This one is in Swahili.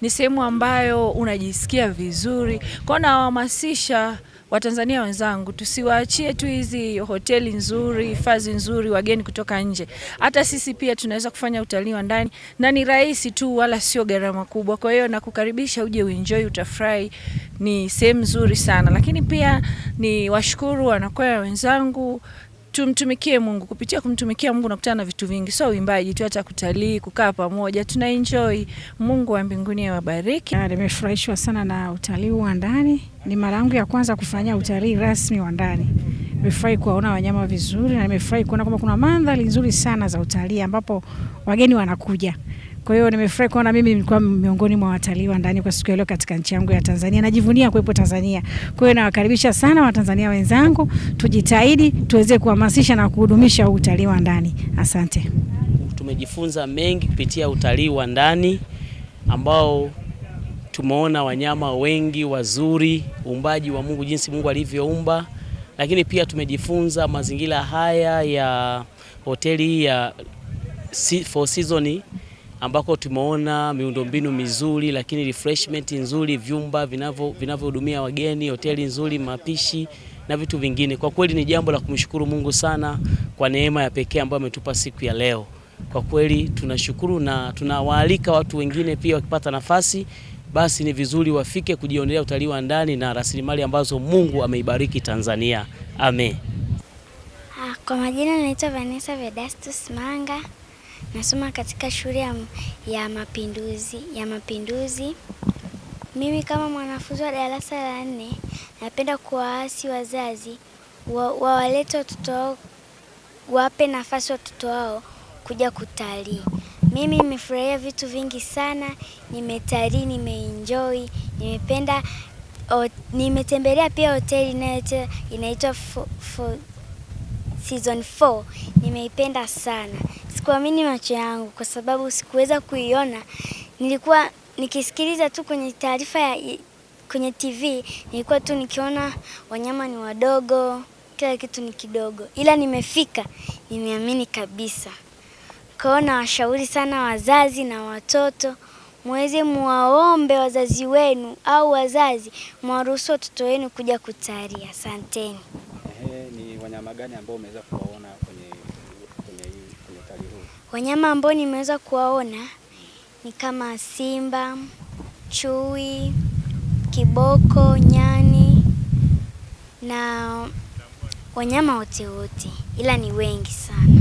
ni sehemu ambayo unajisikia vizuri hiyo Nawahamasisha Watanzania wenzangu tusiwaachie tu hizi hoteli nzuri, hifadhi nzuri, wageni kutoka nje. Hata sisi pia tunaweza kufanya utalii wa ndani na ni rahisi tu, wala sio gharama kubwa. Kwa hiyo nakukaribisha uje uenjoy, utafurahi. Ni sehemu nzuri sana, lakini pia ni washukuru wanakwaya wenzangu tumtumikie Mungu. Kupitia kumtumikia Mungu nakutana na vitu vingi, so uimbaji tu, hata kutalii, kukaa pamoja, tuna enjoy. Mungu wa mbinguni awabariki. Nimefurahishwa sana na utalii wa ndani, ni mara yangu ya kwanza kufanya utalii rasmi wa ndani. Nimefurahi kuwaona wanyama vizuri na nimefurahi kuona kwamba kuna mandhari nzuri sana za utalii ambapo wageni wanakuja. Kwa hiyo nimefurahi kuona mimi nilikuwa miongoni mwa watalii wa ndani kwa siku ya leo katika nchi yangu ya Tanzania. Najivunia kuwepo Tanzania. Kwa hiyo nawakaribisha sana Watanzania wenzangu, tujitahidi tuweze kuhamasisha na kuhudumisha utalii wa ndani. Asante. Tumejifunza mengi kupitia utalii wa ndani ambao tumeona wanyama wengi wazuri, uumbaji wa Mungu, jinsi Mungu alivyoumba, lakini pia tumejifunza mazingira haya ya hoteli ya Four Seasons ambako tumeona miundombinu mizuri, lakini refreshment nzuri, vyumba vinavyohudumia wageni, hoteli nzuri, mapishi na vitu vingine. Kwa kweli ni jambo la kumshukuru Mungu sana kwa neema ya pekee ambayo ametupa siku ya leo. Kwa kweli tunashukuru na tunawaalika watu wengine pia, wakipata nafasi basi ni vizuri wafike kujionelea utalii wa ndani na rasilimali ambazo Mungu ameibariki Tanzania. Amen. Ah, kwa majina naitwa Vanessa Vedastus Manga. Nasoma katika shule ya, ya Mapinduzi ya Mapinduzi. Mimi kama mwanafunzi wa darasa la nne napenda kuwaasi wazazi wawalete wa watoto wao, wape nafasi watoto wao kuja kutalii. Mimi nimefurahia vitu vingi sana, nimetalii, nimeenjoy, nimependa o, nimetembelea pia hoteli inaitwa Season 4 nimeipenda sana sikuamini macho yangu kwa sababu sikuweza kuiona. Nilikuwa nikisikiliza tu kwenye taarifa ya kwenye TV, nilikuwa tu nikiona wanyama ni wadogo, kila kitu ni kidogo, ila nimefika, nimeamini kabisa. kaona nawashauri sana wazazi na watoto mweze muwaombe wazazi wenu au wazazi mwaruhusu watoto wenu kuja kutalii. Asanteni. Eh, ni wanyama gani ambao umeweza kuwaona kwenye Wanyama ambao nimeweza kuwaona ni kama simba, chui, kiboko, nyani na wanyama wote wote, ila ni wengi sana.